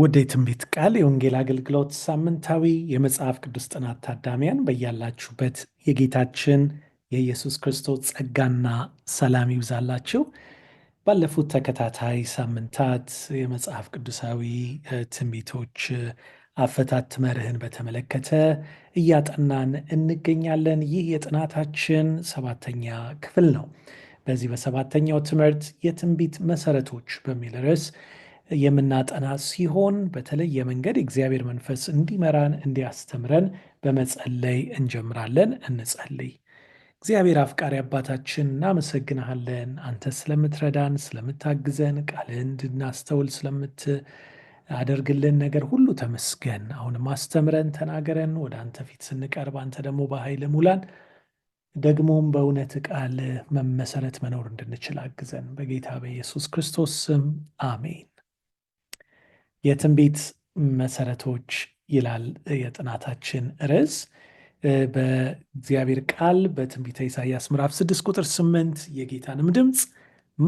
ውድ የትንቢት ቃል የወንጌል አገልግሎት ሳምንታዊ የመጽሐፍ ቅዱስ ጥናት ታዳሚያን በያላችሁበት የጌታችን የኢየሱስ ክርስቶስ ጸጋና ሰላም ይብዛላችሁ። ባለፉት ተከታታይ ሳምንታት የመጽሐፍ ቅዱሳዊ ትንቢቶች አፈታት መርህን በተመለከተ እያጠናን እንገኛለን። ይህ የጥናታችን ሰባተኛ ክፍል ነው። በዚህ በሰባተኛው ትምህርት የትንቢት መሰረቶች በሚል ርዕስ የምናጠና ሲሆን በተለይ የመንገድ እግዚአብሔር መንፈስ እንዲመራን እንዲያስተምረን በመጸለይ እንጀምራለን። እንጸልይ። እግዚአብሔር አፍቃሪ አባታችን እናመሰግንሃለን። አንተ ስለምትረዳን፣ ስለምታግዘን፣ ቃልህን እንድናስተውል ስለምታደርግልን ነገር ሁሉ ተመስገን። አሁንም አስተምረን፣ ተናገረን። ወደ አንተ ፊት ስንቀርብ አንተ ደግሞ በኃይል ሙላን፣ ደግሞም በእውነት ቃል መመሰረት መኖር እንድንችል አግዘን። በጌታ በኢየሱስ ክርስቶስ ስም አሜን። የትንቢት መሰረቶች ይላል የጥናታችን ርዕስ። በእግዚአብሔር ቃል በትንቢተ ኢሳያስ ምዕራፍ 6 ቁጥር 8 የጌታንም ድምፅ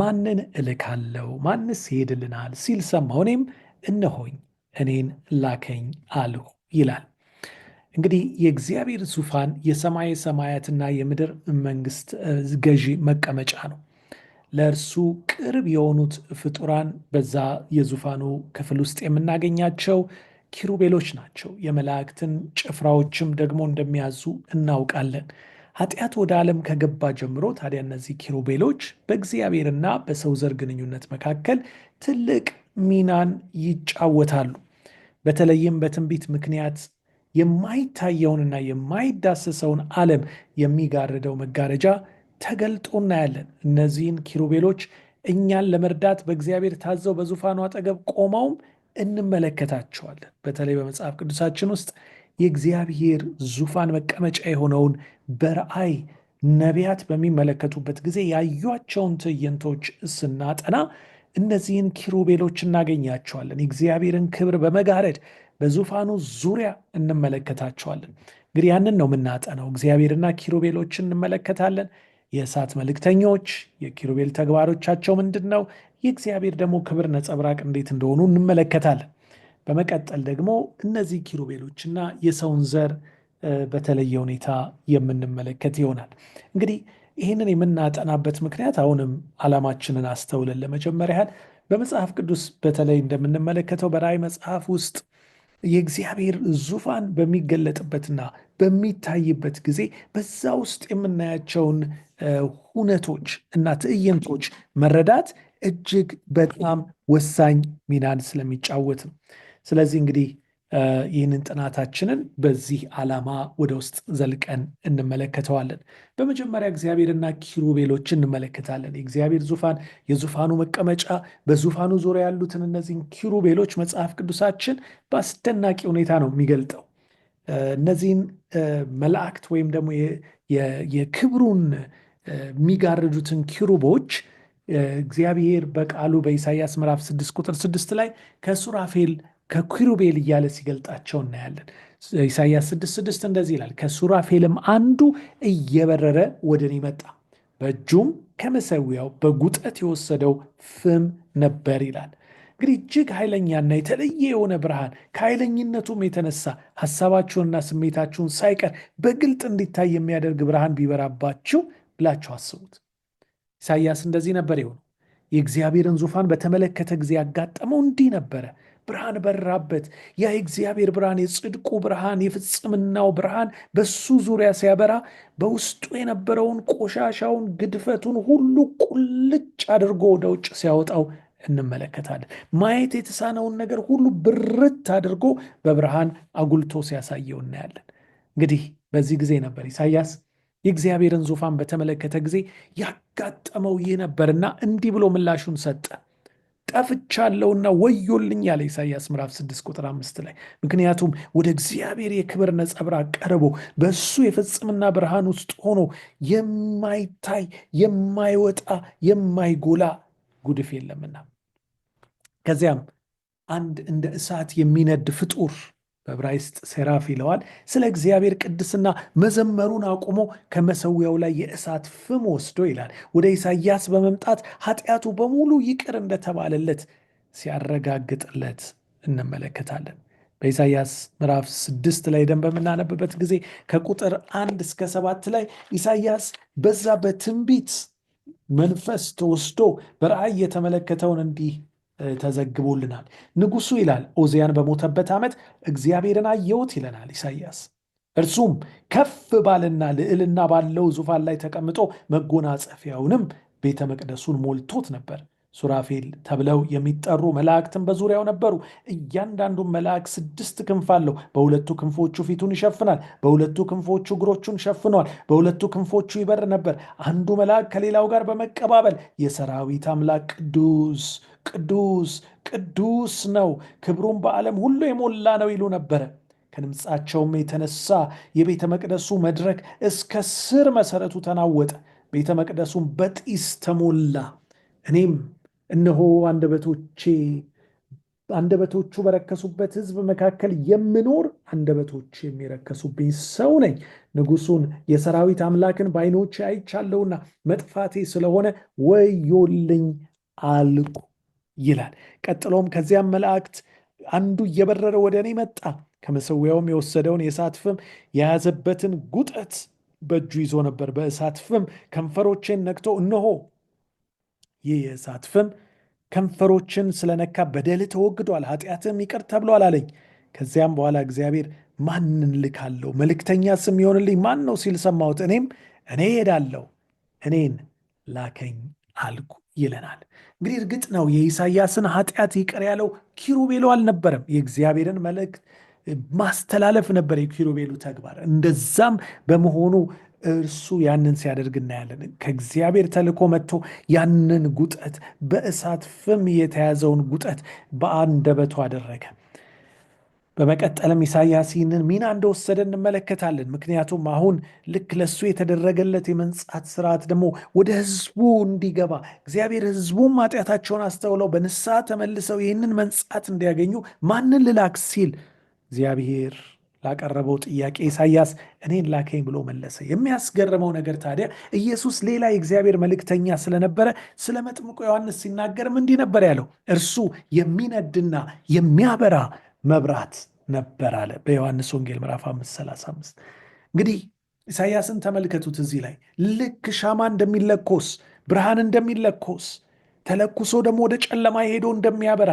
ማንን እልካለው ማንስ ይሄድልናል? ሲል ሰማሁ፣ እኔም እነሆኝ፣ እኔን ላከኝ አልሁ ይላል። እንግዲህ የእግዚአብሔር ዙፋን የሰማይ ሰማያትና የምድር መንግስት ገዢ መቀመጫ ነው። ለእርሱ ቅርብ የሆኑት ፍጡራን በዛ የዙፋኑ ክፍል ውስጥ የምናገኛቸው ኪሩቤሎች ናቸው። የመላእክትን ጭፍራዎችም ደግሞ እንደሚያዙ እናውቃለን። ኃጢአት ወደ ዓለም ከገባ ጀምሮ ታዲያ እነዚህ ኪሩቤሎች በእግዚአብሔርና በሰው ዘር ግንኙነት መካከል ትልቅ ሚናን ይጫወታሉ። በተለይም በትንቢት ምክንያት የማይታየውንና የማይዳሰሰውን ዓለም የሚጋርደው መጋረጃ ተገልጦ እናያለን። እነዚህን ኪሩቤሎች እኛን ለመርዳት በእግዚአብሔር ታዘው በዙፋኑ አጠገብ ቆመውም እንመለከታቸዋለን። በተለይ በመጽሐፍ ቅዱሳችን ውስጥ የእግዚአብሔር ዙፋን መቀመጫ የሆነውን በራእይ ነቢያት በሚመለከቱበት ጊዜ ያዩቸውን ትዕይንቶች ስናጠና እነዚህን ኪሩቤሎች እናገኛቸዋለን። የእግዚአብሔርን ክብር በመጋረድ በዙፋኑ ዙሪያ እንመለከታቸዋለን። እንግዲህ ያንን ነው የምናጠነው። እግዚአብሔርና ኪሩቤሎች እንመለከታለን። የእሳት መልእክተኞች የኪሩቤል ተግባሮቻቸው ምንድን ነው? የእግዚአብሔር ደግሞ ክብር ነጸብራቅ እንዴት እንደሆኑ እንመለከታለን። በመቀጠል ደግሞ እነዚህ ኪሩቤሎችና የሰውን ዘር በተለየ ሁኔታ የምንመለከት ይሆናል። እንግዲህ ይህንን የምናጠናበት ምክንያት አሁንም ዓላማችንን አስተውለን ለመጀመር ያህል በመጽሐፍ ቅዱስ በተለይ እንደምንመለከተው በራእይ መጽሐፍ ውስጥ የእግዚአብሔር ዙፋን በሚገለጥበትና በሚታይበት ጊዜ በዛ ውስጥ የምናያቸውን ሁነቶች እና ትዕይንቶች መረዳት እጅግ በጣም ወሳኝ ሚናን ስለሚጫወት ነው። ስለዚህ እንግዲህ ይህንን ጥናታችንን በዚህ ዓላማ ወደ ውስጥ ዘልቀን እንመለከተዋለን። በመጀመሪያ እግዚአብሔርና ኪሩቤሎች እንመለከታለን። የእግዚአብሔር ዙፋን፣ የዙፋኑ መቀመጫ፣ በዙፋኑ ዙሪያ ያሉትን እነዚህን ኪሩቤሎች መጽሐፍ ቅዱሳችን በአስደናቂ ሁኔታ ነው የሚገልጠው። እነዚህን መላእክት ወይም ደግሞ የክብሩን የሚጋርዱትን ኪሩቦች እግዚአብሔር በቃሉ በኢሳይያስ ምዕራፍ 6 ቁጥር 6 ላይ ከሱራፌል ከኪሩቤል እያለ ሲገልጣቸው እናያለን። ኢሳይያስ 66 እንደዚህ ይላል፣ ከሱራፌልም አንዱ እየበረረ ወደ እኔ መጣ፣ በእጁም ከመሰዊያው በጉጠት የወሰደው ፍም ነበር ይላል። እንግዲህ እጅግ ኃይለኛና የተለየ የሆነ ብርሃን ከኃይለኝነቱም የተነሳ ሀሳባችሁንና ስሜታችሁን ሳይቀር በግልጥ እንዲታይ የሚያደርግ ብርሃን ቢበራባችሁ ብላችሁ አስቡት። ኢሳይያስ እንደዚህ ነበር የሆነው። የእግዚአብሔርን ዙፋን በተመለከተ ጊዜ ያጋጠመው እንዲህ ነበረ። ብርሃን በራበት። ያ የእግዚአብሔር ብርሃን፣ የጽድቁ ብርሃን፣ የፍጽምናው ብርሃን በሱ ዙሪያ ሲያበራ በውስጡ የነበረውን ቆሻሻውን፣ ግድፈቱን ሁሉ ቁልጭ አድርጎ ወደ ውጭ ሲያወጣው እንመለከታለን። ማየት የተሳነውን ነገር ሁሉ ብርት አድርጎ በብርሃን አጉልቶ ሲያሳየው እናያለን። እንግዲህ በዚህ ጊዜ ነበር ኢሳያስ የእግዚአብሔርን ዙፋን በተመለከተ ጊዜ ያጋጠመው ይህ ነበርና እንዲህ ብሎ ምላሹን ሰጠ። ጠፍቻለሁና ወዮልኝ ያለ ኢሳያስ ምዕራፍ 6 ቁጥር አምስት ላይ ምክንያቱም ወደ እግዚአብሔር የክብር ነጸብራቅ ቀርቦ በእሱ የፍጽምና ብርሃን ውስጥ ሆኖ የማይታይ የማይወጣ የማይጎላ ጉድፍ የለምና ከዚያም አንድ እንደ እሳት የሚነድ ፍጡር በዕብራይስጥ ሴራፍ ይለዋል። ስለ እግዚአብሔር ቅድስና መዘመሩን አቁሞ ከመሰዊያው ላይ የእሳት ፍም ወስዶ ይላል። ወደ ኢሳይያስ በመምጣት ኃጢአቱ በሙሉ ይቅር እንደተባለለት ሲያረጋግጥለት እንመለከታለን። በኢሳይያስ ምዕራፍ ስድስት ላይ ደን በምናነብበት ጊዜ ከቁጥር አንድ እስከ ሰባት ላይ ኢሳይያስ በዛ በትንቢት መንፈስ ተወስዶ በራእይ የተመለከተውን እንዲህ ተዘግቦልናል። ንጉሱ ይላል ኦዚያን በሞተበት ዓመት እግዚአብሔርን አየሁት ይለናል ኢሳይያስ። እርሱም ከፍ ባለና ልዕልና ባለው ዙፋን ላይ ተቀምጦ መጎናጸፊያውንም ቤተ መቅደሱን ሞልቶት ነበር። ሱራፌል ተብለው የሚጠሩ መላእክትን በዙሪያው ነበሩ። እያንዳንዱን መልአክ ስድስት ክንፍ አለው። በሁለቱ ክንፎቹ ፊቱን ይሸፍናል፣ በሁለቱ ክንፎቹ እግሮቹን ሸፍነዋል፣ በሁለቱ ክንፎቹ ይበር ነበር። አንዱ መልአክ ከሌላው ጋር በመቀባበል የሰራዊት አምላክ ቅዱስ ቅዱስ ቅዱስ ነው፣ ክብሩም በዓለም ሁሉ የሞላ ነው ይሉ ነበረ። ከድምፃቸውም የተነሳ የቤተ መቅደሱ መድረክ እስከ ስር መሰረቱ ተናወጠ፣ ቤተ መቅደሱም በጢስ ተሞላ። እኔም እነሆ አንደበቶቼ አንደበቶቹ በረከሱበት ሕዝብ መካከል የምኖር አንደበቶች የሚረከሱብኝ ሰው ነኝ። ንጉሱን የሰራዊት አምላክን በዓይኖቼ አይቻለሁና መጥፋቴ ስለሆነ ወዮልኝ አልኩ። ይላል። ቀጥሎም ከዚያም መላእክት አንዱ እየበረረ ወደ እኔ መጣ። ከመሰዊያውም የወሰደውን የእሳት ፍም የያዘበትን ጉጠት በእጁ ይዞ ነበር። በእሳት ፍም ከንፈሮቼን ነክቶ እነሆ ይህ የእሳት ፍም ከንፈሮችን ስለነካ በደል ተወግዷል፣ ኃጢአትም ይቅር ተብሏል አለኝ። ከዚያም በኋላ እግዚአብሔር ማንን ልካለው? መልእክተኛ ስም ይሆንልኝ ማን ነው ሲል ሰማሁት። እኔም እኔ እሄዳለሁ፣ እኔን ላከኝ አልኩ። ይለናል። እንግዲህ እርግጥ ነው የኢሳያስን ኃጢአት ይቅር ያለው ኪሩቤሉ አልነበረም። የእግዚአብሔርን መልእክት ማስተላለፍ ነበር የኪሩቤሉ ተግባር። እንደዛም በመሆኑ እርሱ ያንን ሲያደርግ እናያለን። ከእግዚአብሔር ተልኮ መጥቶ ያንን ጉጠት በእሳት ፍም የተያዘውን ጉጠት በአንደበቱ አደረገ። በመቀጠልም ኢሳያስ ይህንን ሚና እንደወሰደ እንመለከታለን። ምክንያቱም አሁን ልክ ለሱ የተደረገለት የመንጻት ስርዓት ደግሞ ወደ ህዝቡ እንዲገባ እግዚአብሔር ህዝቡም ማጥያታቸውን አስተውለው በንስሐ ተመልሰው ይህንን መንጻት እንዲያገኙ ማንን ልላክ ሲል እግዚአብሔር ላቀረበው ጥያቄ ኢሳያስ እኔን ላከኝ ብሎ መለሰ። የሚያስገርመው ነገር ታዲያ ኢየሱስ ሌላ የእግዚአብሔር መልእክተኛ ስለነበረ ስለ መጥምቁ ዮሐንስ ሲናገርም እንዲህ ነበር ያለው፣ እርሱ የሚነድና የሚያበራ መብራት ነበር አለ በዮሐንስ ወንጌል ምዕራፍ 535 እንግዲህ ኢሳያስን ተመልከቱት እዚህ ላይ ልክ ሻማ እንደሚለኮስ ብርሃን እንደሚለኮስ ተለኩሶ ደግሞ ወደ ጨለማ ሄዶ እንደሚያበራ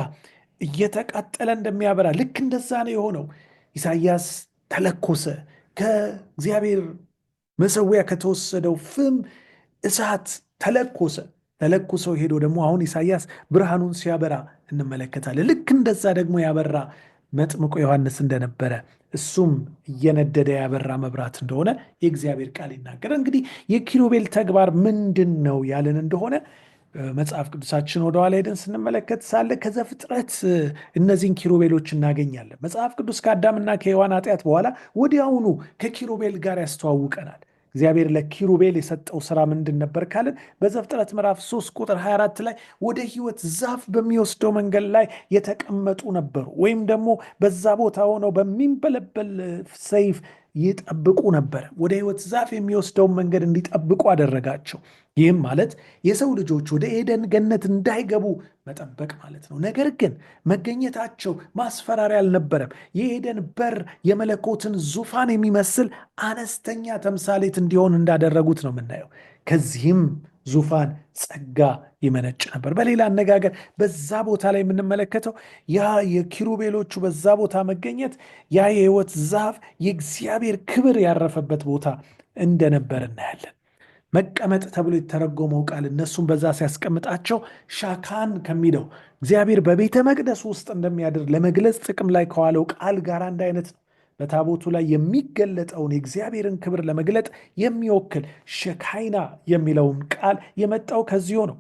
እየተቃጠለ እንደሚያበራ ልክ እንደዛ ነው የሆነው ኢሳያስ ተለኮሰ ከእግዚአብሔር መሰዊያ ከተወሰደው ፍም እሳት ተለኮሰ ተለኩሶ ሄዶ ደግሞ አሁን ኢሳያስ ብርሃኑን ሲያበራ እንመለከታለን ልክ እንደዛ ደግሞ ያበራ መጥምቁ ዮሐንስ እንደነበረ እሱም እየነደደ ያበራ መብራት እንደሆነ የእግዚአብሔር ቃል ይናገረ። እንግዲህ የኪሩቤል ተግባር ምንድን ነው ያለን እንደሆነ መጽሐፍ ቅዱሳችን ወደኋላ ሄደን ስንመለከት ሳለ ከዘፍጥረት እነዚህን ኪሩቤሎች እናገኛለን። መጽሐፍ ቅዱስ ከአዳምና ከሔዋን ኃጢአት በኋላ ወዲያውኑ ከኪሩቤል ጋር ያስተዋውቀናል። እግዚአብሔር ለኪሩቤል የሰጠው ስራ ምንድን ነበር ካልን በዘፍጥረት ምዕራፍ 3 ቁጥር 24 ላይ ወደ ህይወት ዛፍ በሚወስደው መንገድ ላይ የተቀመጡ ነበሩ። ወይም ደግሞ በዛ ቦታ ሆነው በሚንበለበል ሰይፍ ይጠብቁ ነበር። ወደ ሕይወት ዛፍ የሚወስደውን መንገድ እንዲጠብቁ አደረጋቸው። ይህም ማለት የሰው ልጆች ወደ ኤደን ገነት እንዳይገቡ መጠበቅ ማለት ነው። ነገር ግን መገኘታቸው ማስፈራሪያ አልነበረም። የኤደን በር የመለኮትን ዙፋን የሚመስል አነስተኛ ተምሳሌት እንዲሆን እንዳደረጉት ነው የምናየው። ከዚህም ዙፋን ጸጋ ይመነጭ ነበር። በሌላ አነጋገር በዛ ቦታ ላይ የምንመለከተው ያ የኪሩቤሎቹ በዛ ቦታ መገኘት ያ የሕይወት ዛፍ የእግዚአብሔር ክብር ያረፈበት ቦታ እንደነበር እናያለን። መቀመጥ ተብሎ የተረጎመው ቃል እነሱም በዛ ሲያስቀምጣቸው ሻካን ከሚለው እግዚአብሔር በቤተ መቅደስ ውስጥ እንደሚያድር ለመግለጽ ጥቅም ላይ ከዋለው ቃል ጋር አንድ አይነት ነው። በታቦቱ ላይ የሚገለጠውን የእግዚአብሔርን ክብር ለመግለጥ የሚወክል ሸካይና የሚለውን ቃል የመጣው ከዚሁ ነው።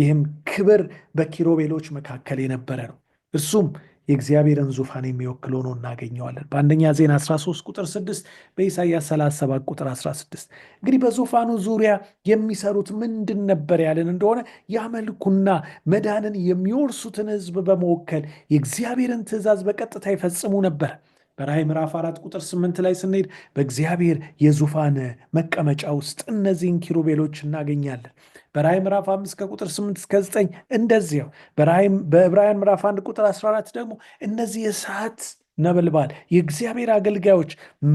ይህም ክብር በኪሮቤሎች መካከል የነበረ ነው። እርሱም የእግዚአብሔርን ዙፋን የሚወክል ሆኖ እናገኘዋለን። በአንደኛ ዜና 13 ቁጥር 6 በኢሳይያስ 37 ቁጥር 16። እንግዲህ በዙፋኑ ዙሪያ የሚሰሩት ምንድን ነበር ያለን እንደሆነ ያመልኩና መዳንን የሚወርሱትን ሕዝብ በመወከል የእግዚአብሔርን ትእዛዝ በቀጥታ ይፈጽሙ ነበር። በራእይ ምዕራፍ አራት ቁጥር ስምንት ላይ ስንሄድ በእግዚአብሔር የዙፋን መቀመጫ ውስጥ እነዚህን ኪሩቤሎች እናገኛለን። በራእይ ምዕራፍ አምስት ከቁጥር ስምንት እስከ ዘጠኝ እንደዚያው በዕብራውያን ምዕራፍ አንድ ቁጥር አስራ አራት ደግሞ እነዚህ የእሳት ነበልባል የእግዚአብሔር አገልጋዮች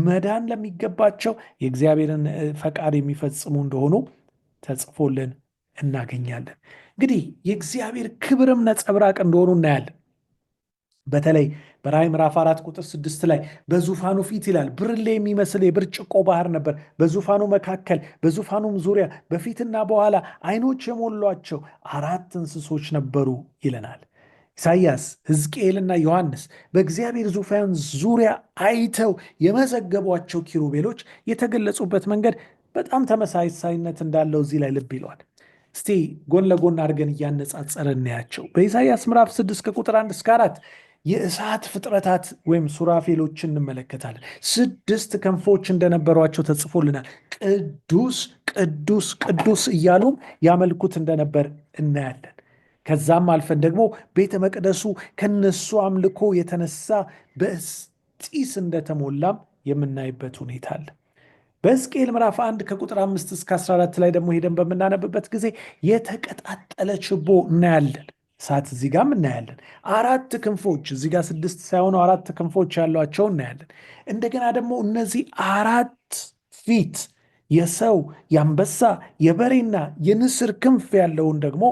መዳን ለሚገባቸው የእግዚአብሔርን ፈቃድ የሚፈጽሙ እንደሆኑ ተጽፎልን እናገኛለን። እንግዲህ የእግዚአብሔር ክብርም ነጸብራቅ እንደሆኑ እናያለን። በተለይ በራእይ ምዕራፍ አራት ቁጥር ስድስት ላይ በዙፋኑ ፊት ይላል ብርሌ የሚመስል የብርጭቆ ባህር ነበር፣ በዙፋኑ መካከል በዙፋኑም ዙሪያ በፊትና በኋላ አይኖች የሞሏቸው አራት እንስሶች ነበሩ ይለናል። ኢሳይያስ፣ ሕዝቅኤልና ዮሐንስ በእግዚአብሔር ዙፋን ዙሪያ አይተው የመዘገቧቸው ኪሩቤሎች የተገለጹበት መንገድ በጣም ተመሳሳይነት እንዳለው እዚህ ላይ ልብ ይለዋል። እስቲ ጎን ለጎን አድርገን እያነጻጸረ እናያቸው። በኢሳይያስ ምዕራፍ 6 ከቁጥር አንድ እስከ አራት የእሳት ፍጥረታት ወይም ሱራፌሎች እንመለከታለን። ስድስት ክንፎች እንደነበሯቸው ተጽፎልናል። ቅዱስ ቅዱስ ቅዱስ እያሉም ያመልኩት እንደነበር እናያለን። ከዛም አልፈን ደግሞ ቤተ መቅደሱ ከነሱ አምልኮ የተነሳ በጢስ እንደተሞላም የምናይበት ሁኔታ አለ። በሕዝቅኤል ምዕራፍ 1 ከቁጥር 5 እስከ 14 ላይ ደግሞ ሄደን በምናነብበት ጊዜ የተቀጣጠለ ችቦ እናያለን። እሳት እዚህ ጋም እናያለን። አራት ክንፎች እዚህ ጋር ስድስት ሳይሆኑ አራት ክንፎች ያሏቸው እናያለን። እንደገና ደግሞ እነዚህ አራት ፊት የሰው የአንበሳ የበሬና የንስር ክንፍ ያለውን ደግሞ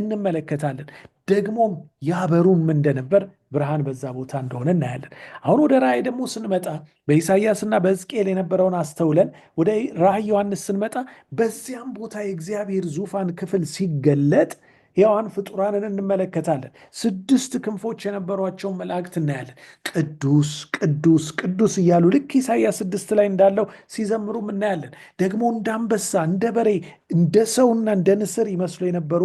እንመለከታለን። ደግሞም ያበሩም እንደነበር ብርሃን በዛ ቦታ እንደሆነ እናያለን። አሁን ወደ ራእይ ደግሞ ስንመጣ በኢሳያስና በሕዝቅኤል የነበረውን አስተውለን ወደ ራእይ ዮሐንስ ስንመጣ በዚያም ቦታ የእግዚአብሔር ዙፋን ክፍል ሲገለጥ ሕያዋን ፍጡራንን እንመለከታለን። ስድስት ክንፎች የነበሯቸውን መላእክት እናያለን። ቅዱስ ቅዱስ ቅዱስ እያሉ ልክ ኢሳይያስ ስድስት ላይ እንዳለው ሲዘምሩም እናያለን። ደግሞ እንደ አንበሳ፣ እንደ በሬ፣ እንደ ሰውና እንደ ንስር ይመስሉ የነበሩ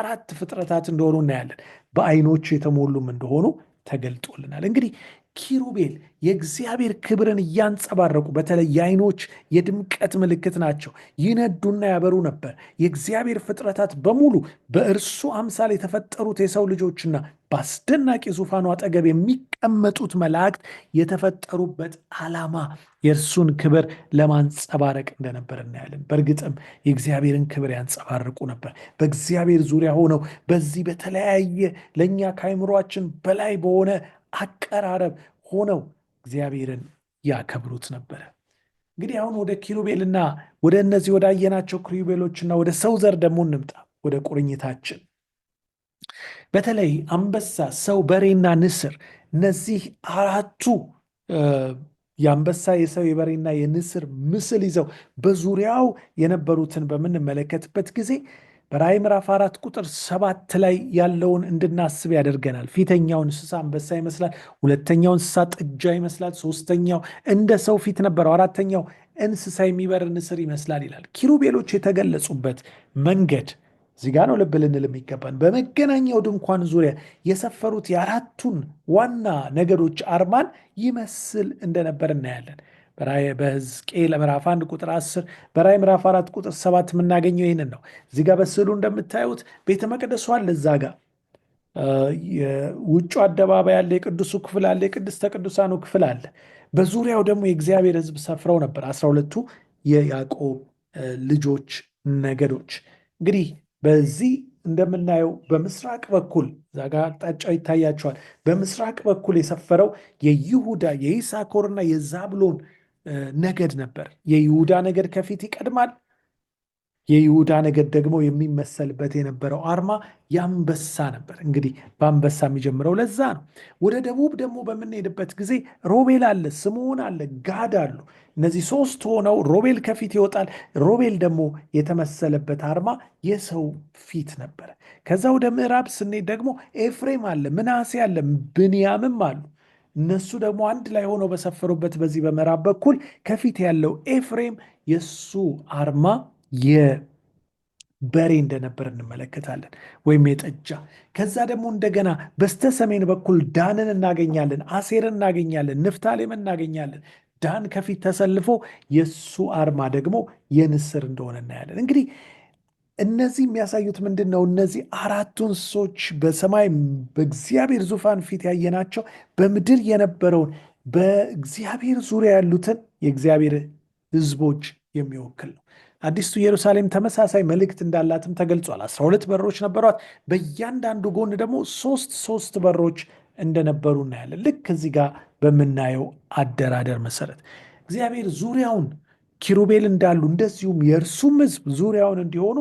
አራት ፍጥረታት እንደሆኑ እናያለን። በአይኖች የተሞሉም እንደሆኑ ተገልጦልናል። እንግዲህ ኪሩቤል የእግዚአብሔር ክብርን እያንጸባረቁ በተለይ የአይኖች የድምቀት ምልክት ናቸው፣ ይነዱና ያበሩ ነበር። የእግዚአብሔር ፍጥረታት በሙሉ በእርሱ አምሳል የተፈጠሩት የሰው ልጆችና በአስደናቂ ዙፋኑ አጠገብ የሚቀመጡት መላእክት የተፈጠሩበት ዓላማ የእርሱን ክብር ለማንጸባረቅ እንደነበር እናያለን። በእርግጥም የእግዚአብሔርን ክብር ያንጸባርቁ ነበር። በእግዚአብሔር ዙሪያ ሆነው በዚህ በተለያየ ለእኛ ከአይምሯችን በላይ በሆነ አቀራረብ ሆነው እግዚአብሔርን ያከብሩት ነበረ። እንግዲህ አሁን ወደ ኪሩቤልና ወደ እነዚህ ወዳየናቸው ኪሩቤሎችና ወደ ሰው ዘር ደግሞ እንምጣ። ወደ ቁርኝታችን በተለይ አንበሳ፣ ሰው፣ በሬና ንስር እነዚህ አራቱ የአንበሳ የሰው የበሬና የንስር ምስል ይዘው በዙሪያው የነበሩትን በምንመለከትበት ጊዜ በራእይ ምዕራፍ አራት ቁጥር ሰባት ላይ ያለውን እንድናስብ ያደርገናል። ፊተኛው እንስሳ አንበሳ ይመስላል፣ ሁለተኛው እንስሳ ጥጃ ይመስላል፣ ሶስተኛው እንደ ሰው ፊት ነበረው፣ አራተኛው እንስሳ የሚበር ንስር ይመስላል ይላል። ኪሩቤሎች የተገለጹበት መንገድ ዚጋ ነው ልብ ልንል የሚገባን። በመገናኛው ድንኳን ዙሪያ የሰፈሩት የአራቱን ዋና ነገዶች አርማን ይመስል እንደነበር እናያለን። በራይ በሕዝቅኤል ምዕራፍ 1 ቁጥር 10 በራይ ምዕራፍ 4 ቁጥር ሰባት የምናገኘው ይህንን ነው። እዚህ ጋር በስዕሉ እንደምታዩት ቤተ መቅደሱ አለ። እዛ ጋር የውጩ አደባባይ አለ፣ የቅዱሱ ክፍል አለ፣ የቅድስተ ቅዱሳኑ ክፍል አለ። በዙሪያው ደግሞ የእግዚአብሔር ሕዝብ ሰፍረው ነበር፣ አስራ ሁለቱ የያዕቆብ ልጆች ነገዶች። እንግዲህ በዚህ እንደምናየው በምስራቅ በኩል እዛ ጋር አቅጣጫው ይታያቸዋል። በምስራቅ በኩል የሰፈረው የይሁዳ የኢሳኮርና የዛብሎን ነገድ ነበር። የይሁዳ ነገድ ከፊት ይቀድማል። የይሁዳ ነገድ ደግሞ የሚመሰልበት የነበረው አርማ የአንበሳ ነበር። እንግዲህ በአንበሳ የሚጀምረው ለዛ ነው። ወደ ደቡብ ደግሞ በምንሄድበት ጊዜ ሮቤል አለ፣ ስምዖን አለ፣ ጋድ አሉ። እነዚህ ሶስት ሆነው ሮቤል ከፊት ይወጣል። ሮቤል ደግሞ የተመሰለበት አርማ የሰው ፊት ነበረ። ከዛ ወደ ምዕራብ ስንሄድ ደግሞ ኤፍሬም አለ፣ ምናሴ አለ፣ ብንያምም አሉ። እነሱ ደግሞ አንድ ላይ ሆነው በሰፈሩበት በዚህ በምዕራብ በኩል ከፊት ያለው ኤፍሬም የእሱ አርማ የበሬ እንደነበር እንመለከታለን፣ ወይም የጠጃ። ከዛ ደግሞ እንደገና በስተ ሰሜን በኩል ዳንን እናገኛለን፣ አሴርን እናገኛለን፣ ንፍታሌም እናገኛለን። ዳን ከፊት ተሰልፎ የእሱ አርማ ደግሞ የንስር እንደሆነ እናያለን እንግዲህ እነዚህ የሚያሳዩት ምንድን ነው? እነዚህ አራቱ እንስሶች በሰማይ በእግዚአብሔር ዙፋን ፊት ያየናቸው በምድር የነበረውን በእግዚአብሔር ዙሪያ ያሉትን የእግዚአብሔር ሕዝቦች የሚወክል ነው። አዲስቱ ኢየሩሳሌም ተመሳሳይ መልእክት እንዳላትም ተገልጿል። አስራ ሁለት በሮች ነበሯት። በእያንዳንዱ ጎን ደግሞ ሶስት ሶስት በሮች እንደነበሩ እናያለን። ልክ እዚህ ጋር በምናየው አደራደር መሰረት እግዚአብሔር ዙሪያውን ኪሩቤል እንዳሉ እንደዚሁም የእርሱም ህዝብ ዙሪያውን እንዲሆኑ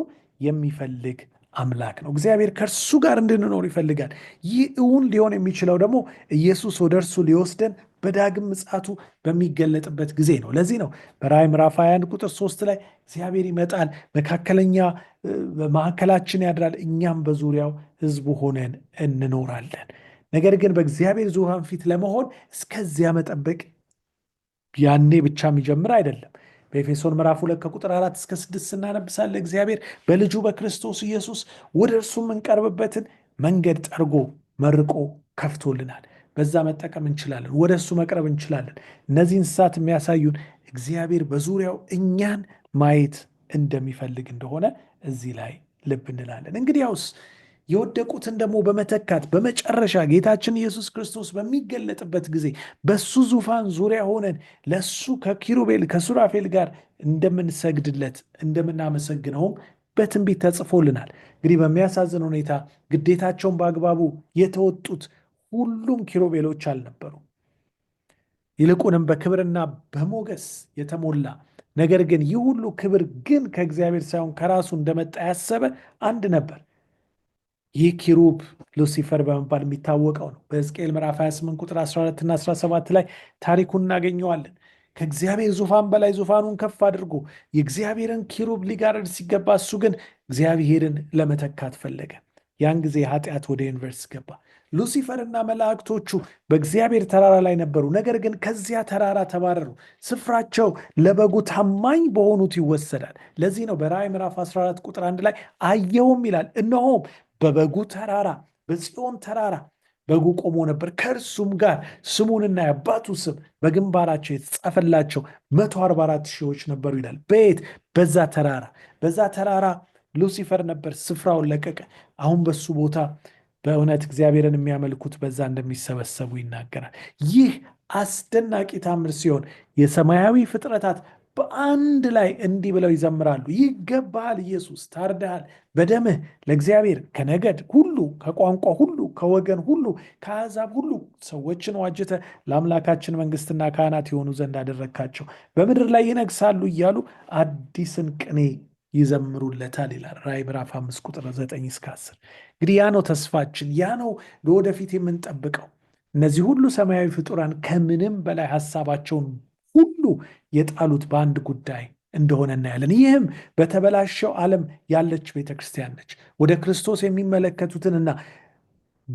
የሚፈልግ አምላክ ነው። እግዚአብሔር ከእርሱ ጋር እንድንኖር ይፈልጋል። ይህ እውን ሊሆን የሚችለው ደግሞ ኢየሱስ ወደ እርሱ ሊወስደን በዳግም ምጽአቱ በሚገለጥበት ጊዜ ነው። ለዚህ ነው በራእይ ምዕራፍ 21 ቁጥር 3 ላይ እግዚአብሔር ይመጣል፣ መካከለኛ በማዕከላችን ያድራል፣ እኛም በዙሪያው ሕዝቡ ሆነን እንኖራለን። ነገር ግን በእግዚአብሔር ዙፋን ፊት ለመሆን እስከዚያ መጠበቅ ያኔ ብቻ የሚጀምር አይደለም። በኤፌሶን ምዕራፍ ሁለት ከቁጥር አራት እስከ ስድስት ስናነብሳለ እግዚአብሔር በልጁ በክርስቶስ ኢየሱስ ወደ እርሱ የምንቀርብበትን መንገድ ጠርጎ መርቆ ከፍቶልናል። በዛ መጠቀም እንችላለን። ወደ እሱ መቅረብ እንችላለን። እነዚህ እንስሳት የሚያሳዩን እግዚአብሔር በዙሪያው እኛን ማየት እንደሚፈልግ እንደሆነ እዚህ ላይ ልብ እንላለን። እንግዲህ የወደቁትን ደግሞ በመተካት በመጨረሻ ጌታችን ኢየሱስ ክርስቶስ በሚገለጥበት ጊዜ በሱ ዙፋን ዙሪያ ሆነን ለሱ ከኪሩቤል ከሱራፌል ጋር እንደምንሰግድለት እንደምናመሰግነውም በትንቢት ተጽፎልናል። እንግዲህ በሚያሳዝን ሁኔታ ግዴታቸውን በአግባቡ የተወጡት ሁሉም ኪሩቤሎች አልነበሩ። ይልቁንም በክብርና በሞገስ የተሞላ ነገር ግን ይህ ሁሉ ክብር ግን ከእግዚአብሔር ሳይሆን ከራሱ እንደመጣ ያሰበ አንድ ነበር። ይህ ኪሩብ ሉሲፈር በመባል የሚታወቀው ነው። በሕዝቅኤል ምዕራፍ 28 ቁጥር 14 እና 17 ላይ ታሪኩን እናገኘዋለን። ከእግዚአብሔር ዙፋን በላይ ዙፋኑን ከፍ አድርጎ የእግዚአብሔርን ኪሩብ ሊጋረድ ሲገባ እሱ ግን እግዚአብሔርን ለመተካት ፈለገ። ያን ጊዜ ኃጢአት ወደ ዩኒቨርስ ገባ። ሉሲፈርና መላእክቶቹ በእግዚአብሔር ተራራ ላይ ነበሩ። ነገር ግን ከዚያ ተራራ ተባረሩ። ስፍራቸው ለበጉ ታማኝ በሆኑት ይወሰዳል። ለዚህ ነው በራእይ ምዕራፍ 14 ቁጥር አንድ ላይ አየውም ይላል እነሆም በበጉ ተራራ በጽዮን ተራራ በጉ ቆሞ ነበር። ከእርሱም ጋር ስሙንና የአባቱ ስም በግንባራቸው የተጻፈላቸው መቶ አርባ አራት ሺዎች ነበሩ ይላል። በየት በዛ ተራራ በዛ ተራራ ሉሲፈር ነበር፣ ስፍራውን ለቀቀ። አሁን በሱ ቦታ በእውነት እግዚአብሔርን የሚያመልኩት በዛ እንደሚሰበሰቡ ይናገራል። ይህ አስደናቂ ታምር ሲሆን የሰማያዊ ፍጥረታት በአንድ ላይ እንዲህ ብለው ይዘምራሉ። ይገባሃል ኢየሱስ፣ ታርደሃል፣ በደምህ ለእግዚአብሔር ከነገድ ሁሉ፣ ከቋንቋ ሁሉ፣ ከወገን ሁሉ፣ ከአሕዛብ ሁሉ ሰዎችን ዋጅተ ለአምላካችን መንግስትና ካህናት የሆኑ ዘንድ አደረግካቸው፣ በምድር ላይ ይነግሳሉ እያሉ አዲስን ቅኔ ይዘምሩለታል ይላል ራዕይ ምዕራፍ አምስት ቁጥር ዘጠኝ እስከ አስር እንግዲህ ያ ነው ተስፋችን፣ ያ ነው ለወደፊት የምንጠብቀው። እነዚህ ሁሉ ሰማያዊ ፍጡራን ከምንም በላይ ሀሳባቸውን ሁሉ የጣሉት በአንድ ጉዳይ እንደሆነ እናያለን። ይህም በተበላሸው ዓለም ያለች ቤተ ክርስቲያን ነች። ወደ ክርስቶስ የሚመለከቱትንና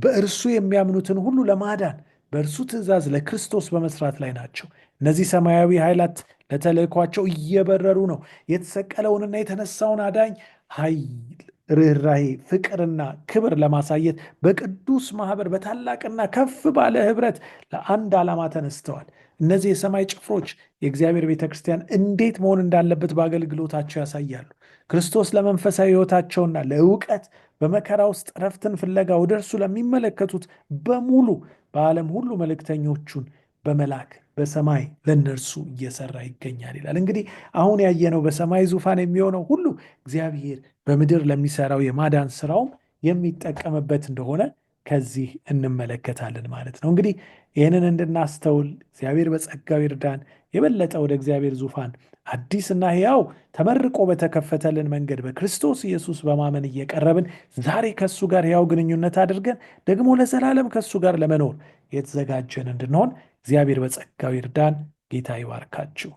በእርሱ የሚያምኑትን ሁሉ ለማዳን በእርሱ ትእዛዝ ለክርስቶስ በመስራት ላይ ናቸው። እነዚህ ሰማያዊ ኃይላት ለተልእኳቸው እየበረሩ ነው። የተሰቀለውንና የተነሳውን አዳኝ ኃይል ርኅራሄ፣ ፍቅርና ክብር ለማሳየት በቅዱስ ማህበር በታላቅና ከፍ ባለ ህብረት ለአንድ ዓላማ ተነስተዋል። እነዚህ የሰማይ ጭፍሮች የእግዚአብሔር ቤተ ክርስቲያን እንዴት መሆን እንዳለበት በአገልግሎታቸው ያሳያሉ። ክርስቶስ ለመንፈሳዊ ህይወታቸውና ለእውቀት በመከራ ውስጥ ረፍትን ፍለጋ ወደ እርሱ ለሚመለከቱት በሙሉ በዓለም ሁሉ መልእክተኞቹን በመላክ በሰማይ ለእነርሱ እየሰራ ይገኛል ይላል። እንግዲህ አሁን ያየነው በሰማይ ዙፋን የሚሆነው ሁሉ እግዚአብሔር በምድር ለሚሰራው የማዳን ስራውም የሚጠቀምበት እንደሆነ ከዚህ እንመለከታለን ማለት ነው። እንግዲህ ይህንን እንድናስተውል እግዚአብሔር በጸጋው ይርዳን። የበለጠ ወደ እግዚአብሔር ዙፋን አዲስና ሕያው ተመርቆ በተከፈተልን መንገድ በክርስቶስ ኢየሱስ በማመን እየቀረብን ዛሬ ከእሱ ጋር ሕያው ግንኙነት አድርገን ደግሞ ለዘላለም ከእሱ ጋር ለመኖር የተዘጋጀን እንድንሆን እግዚአብሔር በጸጋው ይርዳን። ጌታ ይባርካችሁ።